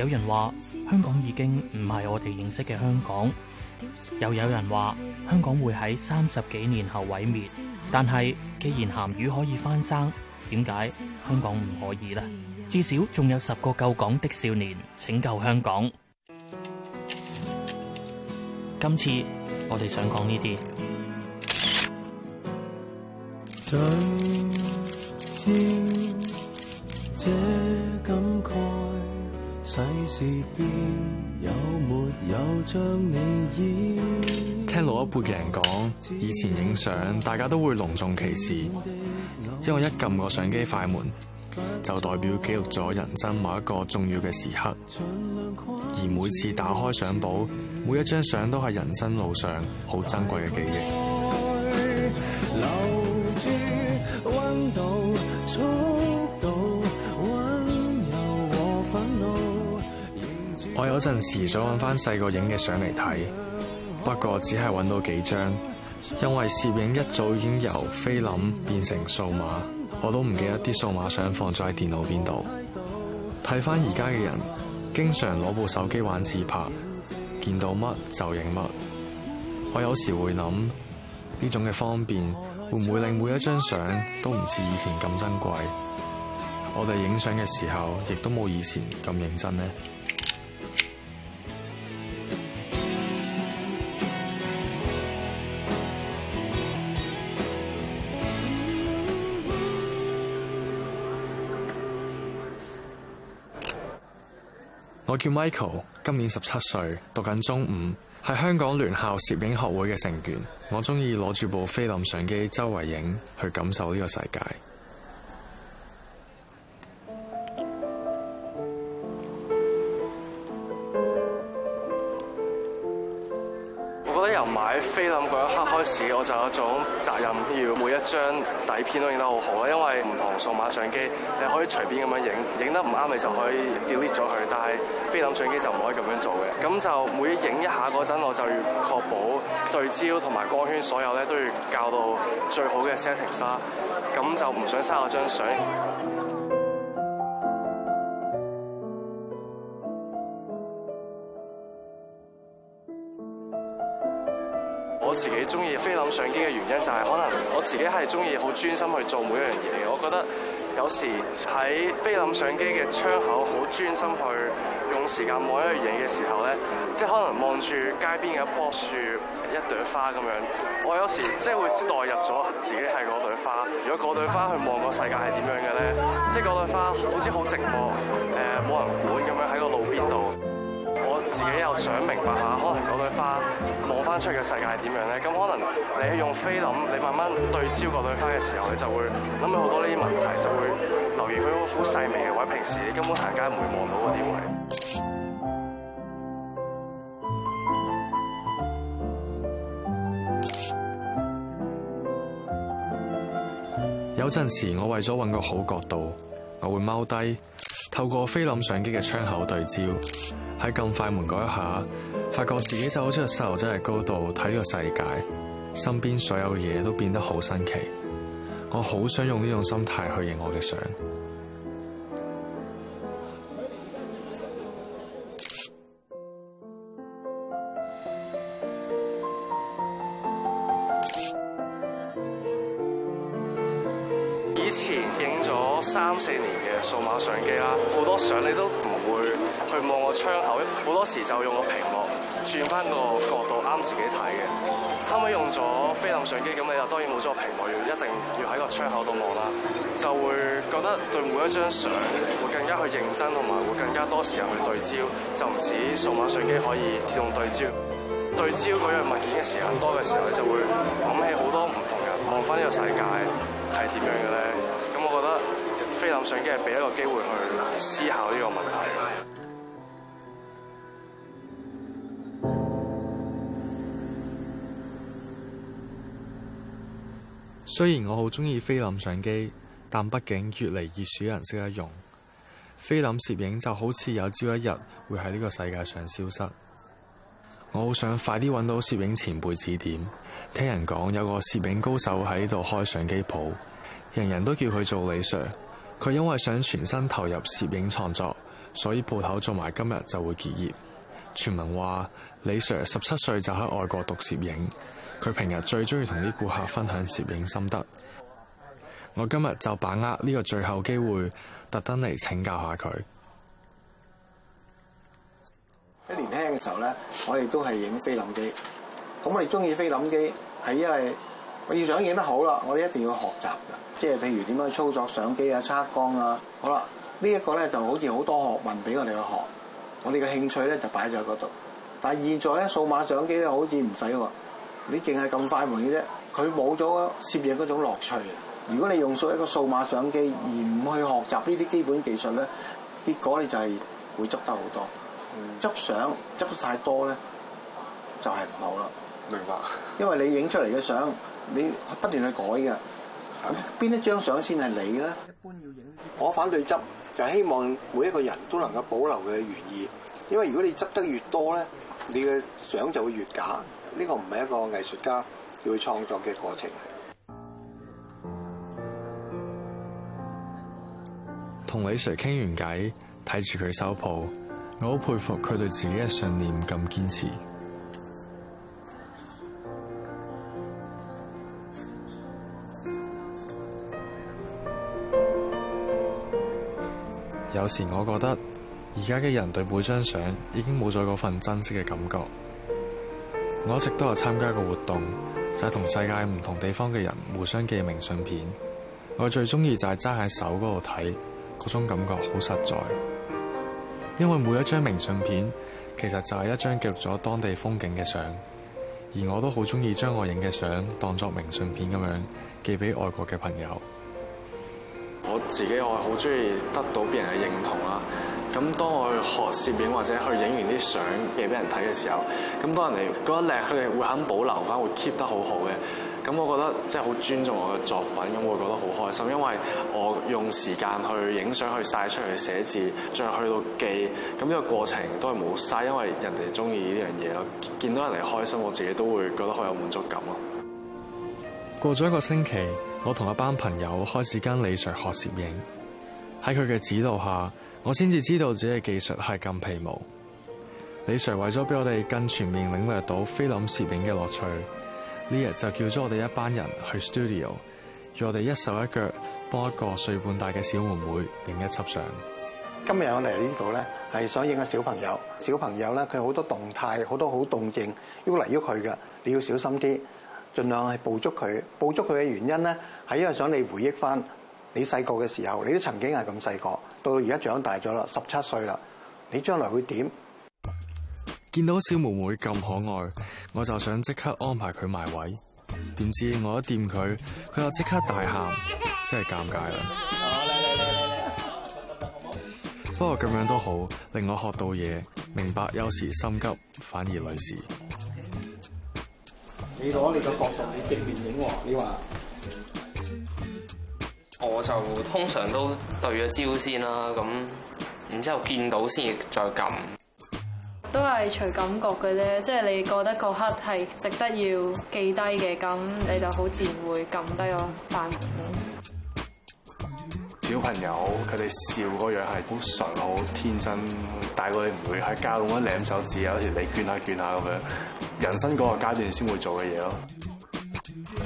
有人話香港已經唔係我哋認識嘅香港，又有人話香港會喺三十幾年後毀滅。但係既然鹹魚可以翻生，點解香港唔可以呢？至少仲有十個救港的少年拯救香港。今次我哋想講呢啲。 有冇有將你演？聽老一輩嘅人講，以前影相，大家都會隆重其事，因為一撳個相機快門，就代表記錄咗人生某一個重要嘅時刻。而每次打開相簿，每一張相都係人生路上好珍貴嘅記憶。我有陣時想搵翻細個影嘅相嚟睇，不過只係搵到幾張，因為攝影一早已經由菲林變成數碼，我都唔記得啲數碼相放咗喺電腦邊度。睇翻而家嘅人，經常攞部手機玩自拍，見到乜就影乜。我有時會諗，呢種嘅方便會唔會令每一張相都唔似以前咁珍貴？我哋影相嘅時候，亦都冇以前咁認真呢。我叫 Michael，今年十七歲，讀緊中五，係香港聯校攝影學會嘅成員。我中意攞住部菲林相機周圍影，去感受呢個世界。有一種責任，要每一張底片都影得好好啦，因為唔同數碼相機，你可以隨便咁樣影，影得唔啱你就可以 delete 咗佢，但係菲林相機就唔可以咁樣做嘅。咁就每影一下嗰陣，我就要確保對焦同埋光圈，所有咧都要校到最好嘅 setting 啦。咁就唔想嘥我張相。我自己中意菲林相機嘅原因就係可能我自己係中意好專心去做每一樣嘢。我覺得有時喺菲林相機嘅窗口好專心去用時間望一樣嘢嘅時候咧，即係可能望住街邊嘅一棵樹一朵花咁樣。我有時即係會代入咗自己係嗰朵花。如果嗰朵花去望個世界係點樣嘅咧，即係嗰朵花好似好寂寞誒，冇人管咁樣喺個路邊度。自己又想明白下，可能嗰朵花望翻出去嘅世界係點樣咧？咁可能你用菲林，你慢慢對焦嗰朵花嘅時候，你就會諗到好多呢啲問題，就會留意佢一個好細微嘅位，平時你根本行街唔會望到嗰啲位。 有陣時我為咗揾個好角度，我會踎低，透過菲林相機嘅窗口對焦。喺咁快門嗰一下，發覺自己就好似個細路仔嘅高度睇呢個世界，身邊所有嘅嘢都變得好新奇。我好想用呢種心態去影我嘅相。以前影咗三四年嘅數碼相機啦，好多相你都唔會去望個窗口，好多時就用個屏幕轉翻個角度啱自己睇嘅。後尾用咗菲林相機咁啊，當然冇咗個屏幕，要一定要喺個窗口度望啦，就會覺得對每一張相會更加去認真，同埋會更加多時間去對焦，就唔似數碼相機可以自動對焦。對焦樣樣物件嘅時間多嘅時候你就會諗起好多唔同人望翻呢個世界係點樣嘅咧。覺得菲林相機係俾一個機會去思考呢個問題。雖然我好鍾意菲林相機，但畢竟越嚟越少人識得用。菲林攝影就好似有朝一日會喺呢個世界上消失。我好想快啲揾到攝影前輩指點。聽人講有個攝影高手喺度開相機鋪。人人都叫佢做李 Sir，佢因為想全身投入攝影創作，所以鋪頭做埋今日就會結業。傳聞話李 Sir 十七歲就喺外國讀攝影，佢平日最中意同啲顧客分享攝影心得。我今日就把握呢個最後機會，特登嚟請教一下佢。喺年輕嘅時候呢，我哋都係影菲林機，咁我哋中意菲林機係因為。我要想影得好啦，我哋一定要學習嘅，即係譬如點樣去操作相機啊、測光啊。好啦，呢一個咧就好似好多學問俾我哋去學。我哋嘅興趣咧就擺咗喺嗰度。但係現在咧，數碼相機咧好似唔使喎，你淨係咁快門嘅啫，佢冇咗攝影嗰種樂趣。如果你用一個數碼相機而唔去學習呢啲基本技術咧，結果你就係會執得好多，執相執太多咧就係唔好啦。明白。因為你影出嚟嘅相。你不斷去改嘅，邊一張相先係你咧？一般要影。我反對執，就係，希望每一個人都能夠保留佢嘅原意，因為如果你執得越多咧，你嘅相就會越假。呢個唔係一個藝術家要去創作嘅過程。同李 Sir 傾完偈，睇住佢收鋪，我好佩服佢對自己嘅信念咁堅持。有時我覺得而家嘅人對每張相已經冇咗嗰份珍惜嘅感覺。我一直都有參加個活動，就係同世界唔同地方嘅人互相寄明信片。我最中意就係揸喺手嗰度睇，嗰種感覺好實在。因為每一張明信片其實就係一張記錄咗當地風景嘅相，而我都好中意將我影嘅相當作明信片咁樣寄俾外國嘅朋友。我自己我好中意得到別人嘅認同啦。咁當我去學攝影或者去影完啲相畀俾人睇嘅時候，咁當人哋覺得靚，佢哋會肯保留翻，會 keep 得好好嘅。咁我覺得即係好尊重我嘅作品，咁我會覺得好開心，因為我用時間去影相，去晒出嚟，嘅寫字，最後去到寄，咁呢個過程都係冇嘥，因為人哋中意呢樣嘢咯。見到人哋開心，我自己都會覺得好有滿足感咯。過咗一個星期。我同一班朋友開始跟李 sir 學攝影，喺佢嘅指導下，我先至知道自己嘅技術係咁皮毛。李 sir 為咗俾我哋更全面領略到菲林攝影嘅樂趣，呢日就叫咗我哋一班人去 studio，要我哋一手一腳幫一個歲半大嘅小妹妹影一輯相。今日我嚟呢度咧，係想影下小朋友。小朋友咧，佢好多動態，好多好動靜，喐嚟喐去嘅，你要小心啲。盡量係捕捉佢，捕捉佢嘅原因咧，係因為想你回憶翻你細個嘅時候，你都曾經係咁細個，到而家長大咗啦，十七歲啦，你將來會點？見到小妹妹咁可愛，我就想即刻安排佢埋位，點知我一掂佢，佢又即刻大喊，真係尷尬啦！ 不過咁樣都好，令我學到嘢，明白有時心急反而累事。你攞你個角度，你正面影喎？你話我就通常都對咗焦先啦，咁然之後見到先再撳。都係隨感覺嘅啫，即係你覺得嗰刻係值得要記低嘅，咁你就好自然會撳低個單。小朋友佢哋笑嗰樣係好純，好天真。但大佢哋唔會喺街咁樣舐手指啊，好似你捲下捲下咁樣。人生嗰個階段先會做嘅嘢咯。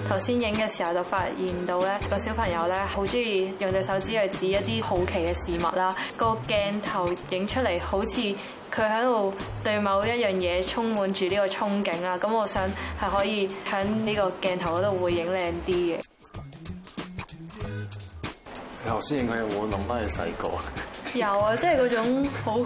頭先影嘅時候就發現到咧，個小朋友咧好中意用隻手指去指一啲好奇嘅事物啦。鏡個，個鏡頭影出嚟好似佢喺度對某一樣嘢充滿住呢個憧憬啊。咁我想係可以喺呢個鏡頭嗰度會影靚啲嘅。你頭先影佢有冇諗翻佢細個？有啊，即係嗰種好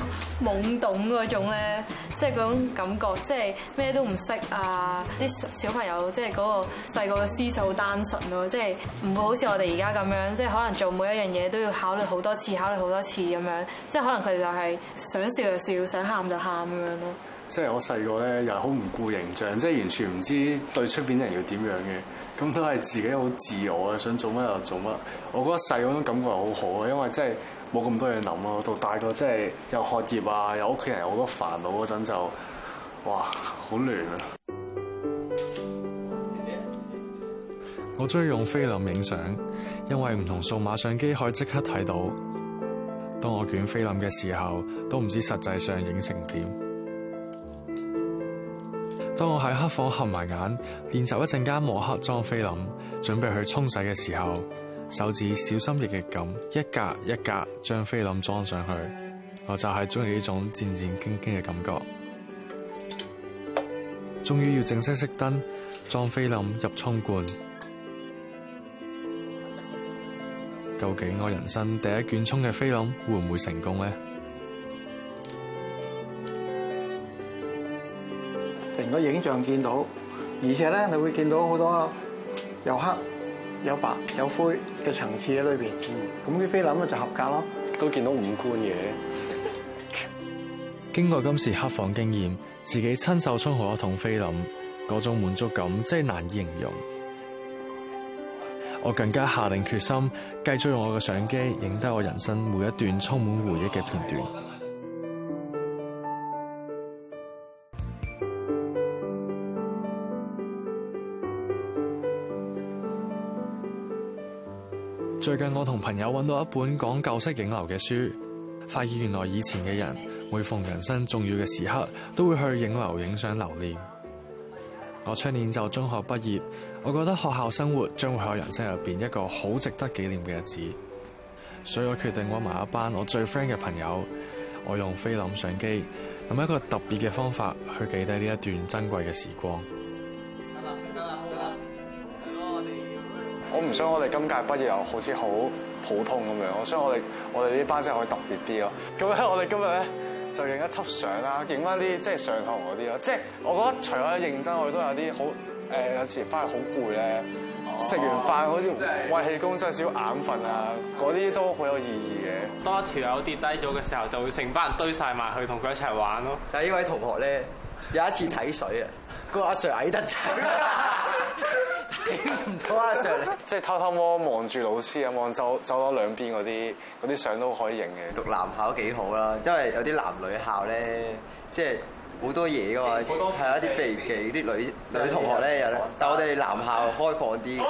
懵懂嗰種咧。即係嗰種感覺，即係咩都唔識啊！啲小朋友即係嗰個細個嘅思想好單純咯，即係唔會好似我哋而家咁樣，即係可能做每一樣嘢都要考慮好多次，考慮好多次咁樣。即係可能佢哋就係想笑就笑，想喊就喊咁樣咯。即係我細個咧，又係好唔顧形象，即係完全唔知對出邊啲人要點樣嘅，咁都係自己好自由嘅，想做乜就做乜。我覺得細嗰種感覺好好嘅，因為真係冇咁多嘢諗咯。到大個即係又學業啊，又屋企人有好多煩惱嗰陣就，哇，好亂啊！姐姐姐姐，我中意用菲林影相，因為唔同數碼相機可以即刻睇到。當我捲菲林嘅時候，都唔知實際上影成點。當我喺黑房合埋眼練習一陣間，摸黑裝菲林，準備去沖洗嘅時候，手指小心翼翼咁一格一格將菲林裝上去，我就係中意呢種戰戰兢兢嘅感覺。終於要正式熄燈裝菲林入沖罐，究竟我人生第一卷沖嘅菲林會唔會成功呢？個影像見到，而且咧，你會見到好多又黑又白又灰嘅層次喺裏邊，咁啲、嗯、菲林咪就合格咯，都見到五官嘢。 經過今次黑房經驗，自己親手沖好一桶菲林，嗰種滿足感真係難以形容。我更加下定決心，繼續用我嘅相機影低我人生每一段充滿回憶嘅片段。最近我同朋友揾到一本講舊式影樓嘅書，發現原來以前嘅人每逢人生重要嘅時刻，都會去影樓影相留念。我出年就中學畢業，我覺得學校生活將會喺我人生入邊一個好值得紀念嘅日子，所以我決定揾埋一班我最 friend 嘅朋友，我用菲林相機，用一個特別嘅方法去記低呢一段珍貴嘅時光。我唔想我哋今屆畢業又好似好普通咁樣，我想我哋我哋呢班真係可以特別啲咯。咁咧，我哋今日咧就影一輯相啦，影翻啲即係上堂嗰啲咯。即係我覺得除咗認真，我哋都有啲好誒，有時翻嚟好攰咧，食完飯好似畏氣功，真少少眼瞓啊，嗰啲都好有意義嘅。當一條友跌低咗嘅時候，就會成班人堆晒埋去同佢一齊玩咯。但係呢位同學咧，有一次睇水啊，嗰阿 Sir 矮得滯。 即係偷偷摸望住老師啊，望走走兩邊嗰啲嗰啲相都可以影嘅。讀男校幾好啦，因為有啲男女校咧，嗯、即係好多嘢噶嘛，係一啲避忌。啲女女，女同學咧有，但係我哋男校開放啲。吧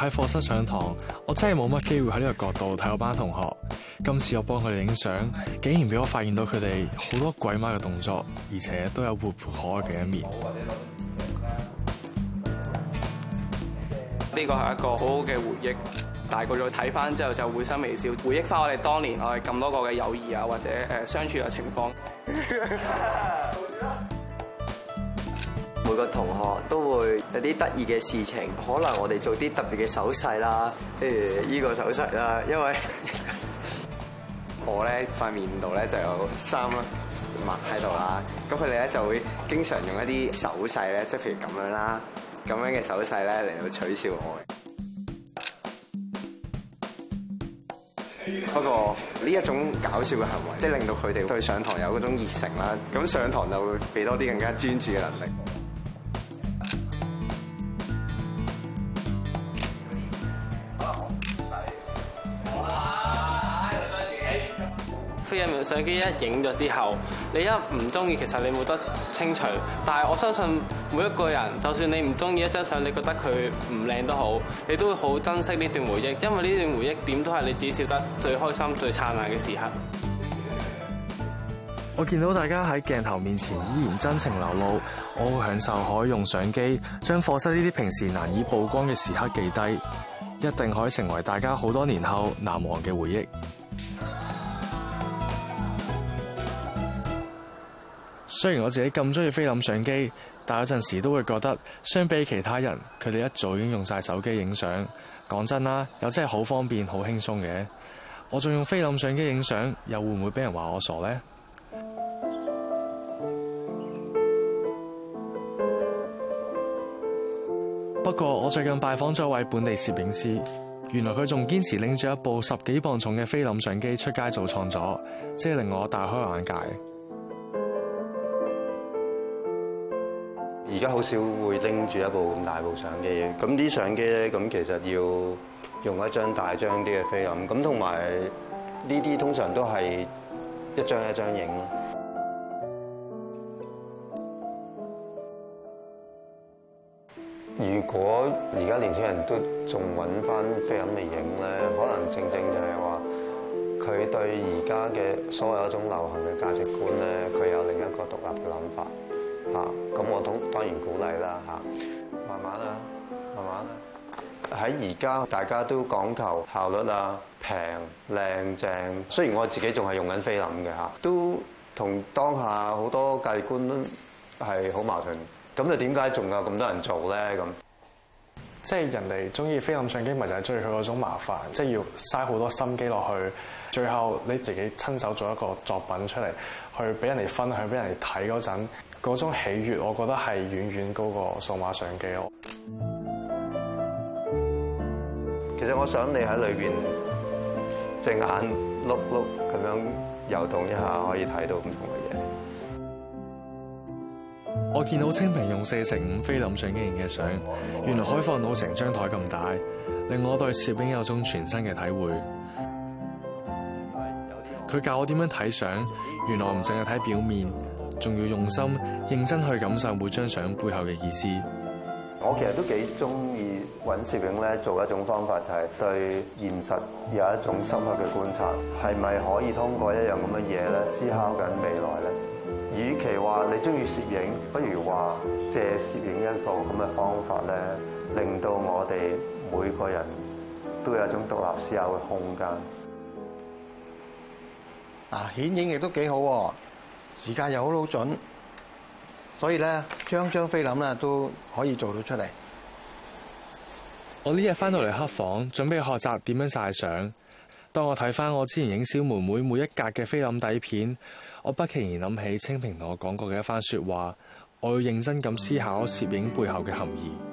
喺課室上堂，我真係冇乜機會喺呢個角度睇我班同學。今次我幫佢哋影相，竟然俾我發現到佢哋好多鬼馬嘅動作，而且都有活潑可愛嘅一面。呢個係一個好好嘅回憶。大個咗睇翻之後，就會心微笑，回憶翻我哋當年我哋咁多個嘅友誼啊，或者誒相處嘅情況。 每個同學都會有啲得意嘅事情，可能我哋做啲特別嘅手勢啦，譬如呢個手勢啦，因為 我咧塊面度咧就有三粒墨喺度啦，咁佢哋咧就會經常用一啲手勢咧，即係譬如咁樣啦，咁樣嘅手勢咧嚟到取笑我。 不過呢一種搞笑嘅行為，即係令到佢哋對上堂有嗰種熱誠啦，咁上堂就會俾多啲更加專注嘅能力。相機一影咗之後，你一唔中意，其實你冇得清除。但係我相信每一個人，就算你唔中意一張相，你覺得佢唔靚都好，你都會好珍惜呢段回憶，因為呢段回憶點都係你自己笑得最開心、最燦爛嘅時刻。我見到大家喺鏡頭面前依然真情流露，我好享受可以用相機將課室呢啲平時難以曝光嘅時刻記低，一定可以成為大家好多年後難忘嘅回憶。雖然我自己咁中意菲林相機，但有陣時都會覺得相比其他人，佢哋一早已經用晒手機影相。講真啦，又真係好方便、好輕鬆嘅。我仲用菲林相機影相，又會唔會俾人話我傻呢？不過我最近拜訪咗一位本地攝影師，原來佢仲堅持拎住一部十幾磅重嘅菲林相機出街做創作，即係令我大開眼界。而家好少會拎住一部咁大部相機嘅，咁啲相機咧，咁其實要用一張大張啲嘅菲林，咁同埋呢啲通常都係一張一張影咯。 如果而家年輕人都仲揾翻菲林嚟影咧，可能正正就係話佢對而家嘅所有一種流行嘅價值觀咧，佢有另一個獨立嘅諗法。啊！咁、嗯、我都當然鼓勵啦嚇，慢慢啊，慢慢啊。喺而家大家都講求效率啊、平、靚、正。雖然我自己仲係用緊菲林嘅嚇，都同當下好多價值觀係好矛盾。咁就點解仲有咁多人做咧？咁即係人哋中意菲林相機，咪就係中意佢嗰種麻煩，即係要嘥好多心機落去，最後你自己親手做一個作品出嚟，去俾人哋分享、俾人哋睇嗰陣。嗰種喜悅，我覺得係遠遠高過數碼相機咯。其實我想你喺裏邊隻眼碌碌咁樣遊動一下，可以睇到唔同嘅嘢。我見到清平用四乘五菲林相機影嘅相，原來可以放到成張枱咁大，令我對攝影有種全新嘅體會。佢教我點樣睇相，原來唔淨係睇表面。仲要用心認真去感受每張相背後嘅意思。我其實都幾中意揾攝影咧，做一種方法就係對現實有一種深刻嘅觀察，係咪可以通過一樣咁嘅嘢咧，思考緊未來咧？與其話你中意攝影，不如話借攝影一個咁嘅方法咧，令到我哋每個人都有一種獨立思考嘅空間。啊，顯影亦都幾好。時間又好好準，所以咧張張菲林咧都可以做到出嚟。我呢日翻到嚟黑房，準備學習點樣晒相。當我睇翻我之前影小妹妹每一格嘅菲林底片，我不期然諗起清平同我講過嘅一番説話。我要認真咁思考攝影背後嘅含義。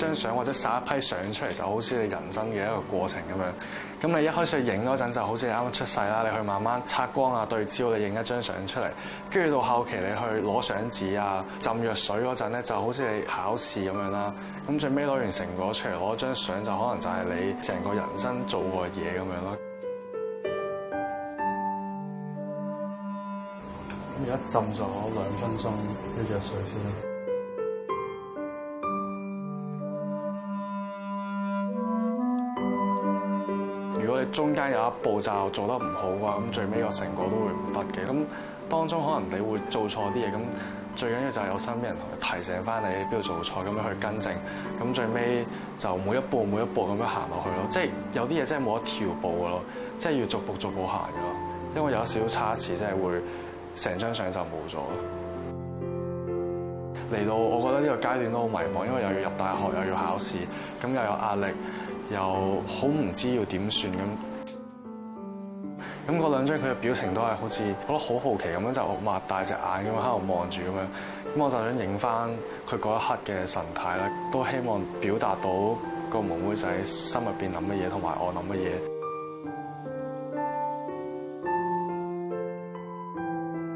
張相或者曬一批相出嚟，就好似你人生嘅一個過程咁樣。咁你一開始影嗰陣，就好似你啱啱出世啦。你去慢慢測光啊、對焦，你影一張相出嚟。跟住到後期，你去攞相紙啊、浸藥水嗰陣咧，就好似你考試咁樣啦。咁最尾攞完成果出嚟，攞張相，就可能就係你成個人生做過嘅嘢咁樣咯。咁而家浸咗兩分鐘啲藥水先。中間有一步就做得唔好嘅話，咁最尾個成果都會唔得嘅。咁當中可能你會做錯啲嘢，咁最緊要就係有身邊人同你提醒翻你邊度做錯，咁樣去更正。咁最尾就每一步每一步咁樣行落去咯。即係有啲嘢真係冇得跳步嘅咯，即係要逐步逐步行嘅咯。因為有少少差池真，真係會成張相就冇咗。嚟到，我覺得呢個階段都好迷茫，因為又要入大學，又要考試，咁又有壓力，又好唔知要點算咁。咁嗰兩張佢嘅表情都係好似覺得好好奇咁樣，就擘大隻眼咁樣喺度望住咁樣。咁我就想影翻佢嗰一刻嘅神態啦，都希望表達到個妹妹仔心入邊諗嘅嘢同埋我諗嘅嘢。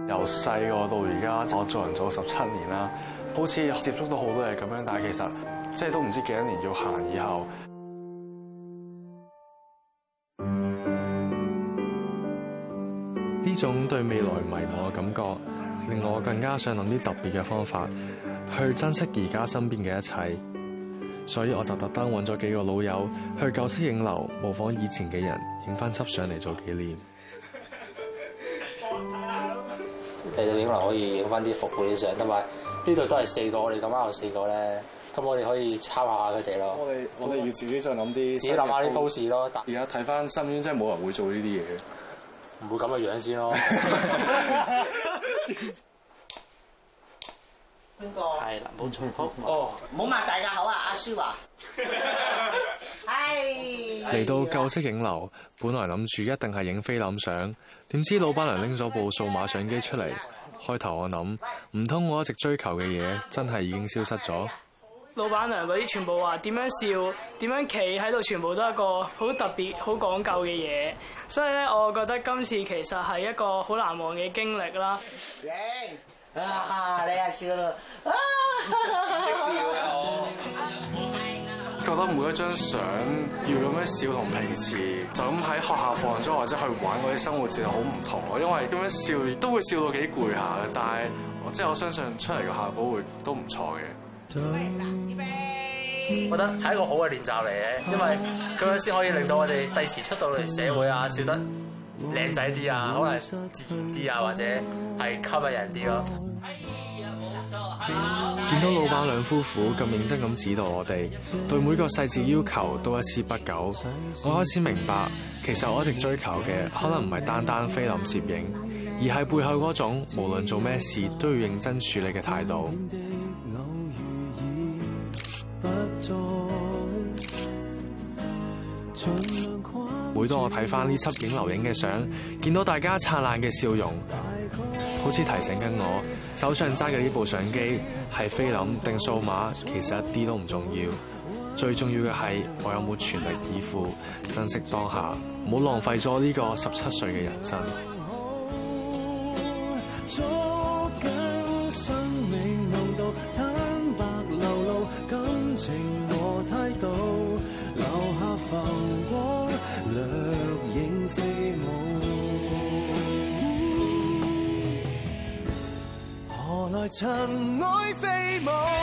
由細個到而家，我做人做咗十七年啦。好似接觸到好多嘢咁樣，但係其實即係都唔知幾多年要行以後，呢種對未來迷茫嘅感覺，令我更加想諗啲特別嘅方法去珍惜而家身邊嘅一切。所以我就特登揾咗幾個老友去舊式影樓模仿以前嘅人，影翻輯相嚟做紀念。你哋影樓可以影翻啲復古啲相，同埋呢度都係四個，我哋咁啱有四個咧，咁我哋可以抄下佢哋咯。我哋我哋要自己再諗啲，自己諗下啲 pose 咯。而家睇翻身邊真係冇人會做呢啲嘢，唔會咁嘅樣先咯。邊個？係啦，冇錯。哦，唔好擘大嘅好啊！阿舒華，嚟到舊式影樓，本來諗住一定係影菲林相。點知老闆娘拎咗部數碼相機出嚟，開頭我諗唔通，我一直追求嘅嘢真係已經消失咗。老闆娘啲全部話點樣笑，點樣企喺度，全部都係一個好特別、好講究嘅嘢，所以咧，我覺得今次其實係一個好難忘嘅經歷啦。啊哈，你又笑啦？笑覺得每一張相要咁樣笑，同平時就咁喺學校放張或者去玩嗰啲生活照係好唔同，因為咁樣笑都會笑到幾攰下，但係即係我相信出嚟嘅效果會都唔錯嘅。我嗱，覺得係一個好嘅練習嚟嘅，因為咁樣先可以令到我哋第時出到嚟社會啊，笑得靚仔啲啊，可能自然啲啊，或者係吸引人啲囉。哎呀、嗯，冇錯，好。見到老闆兩夫婦咁認真咁指導我哋，對每個細節要求都一絲不苟，我開始明白，其實我一直追求嘅可能唔係單單菲林攝影，而係背後嗰種無論做咩事都要認真處理嘅態度。每當我睇翻呢輯影樓影嘅相，見到大家燦爛嘅笑容。好似提醒緊我，手上揸嘅呢部相機係菲林定數碼，其實一啲都唔重要。最重要嘅係，我有冇全力以赴，珍惜當下，冇浪費咗呢個十七歲嘅人生。在塵埃飛舞。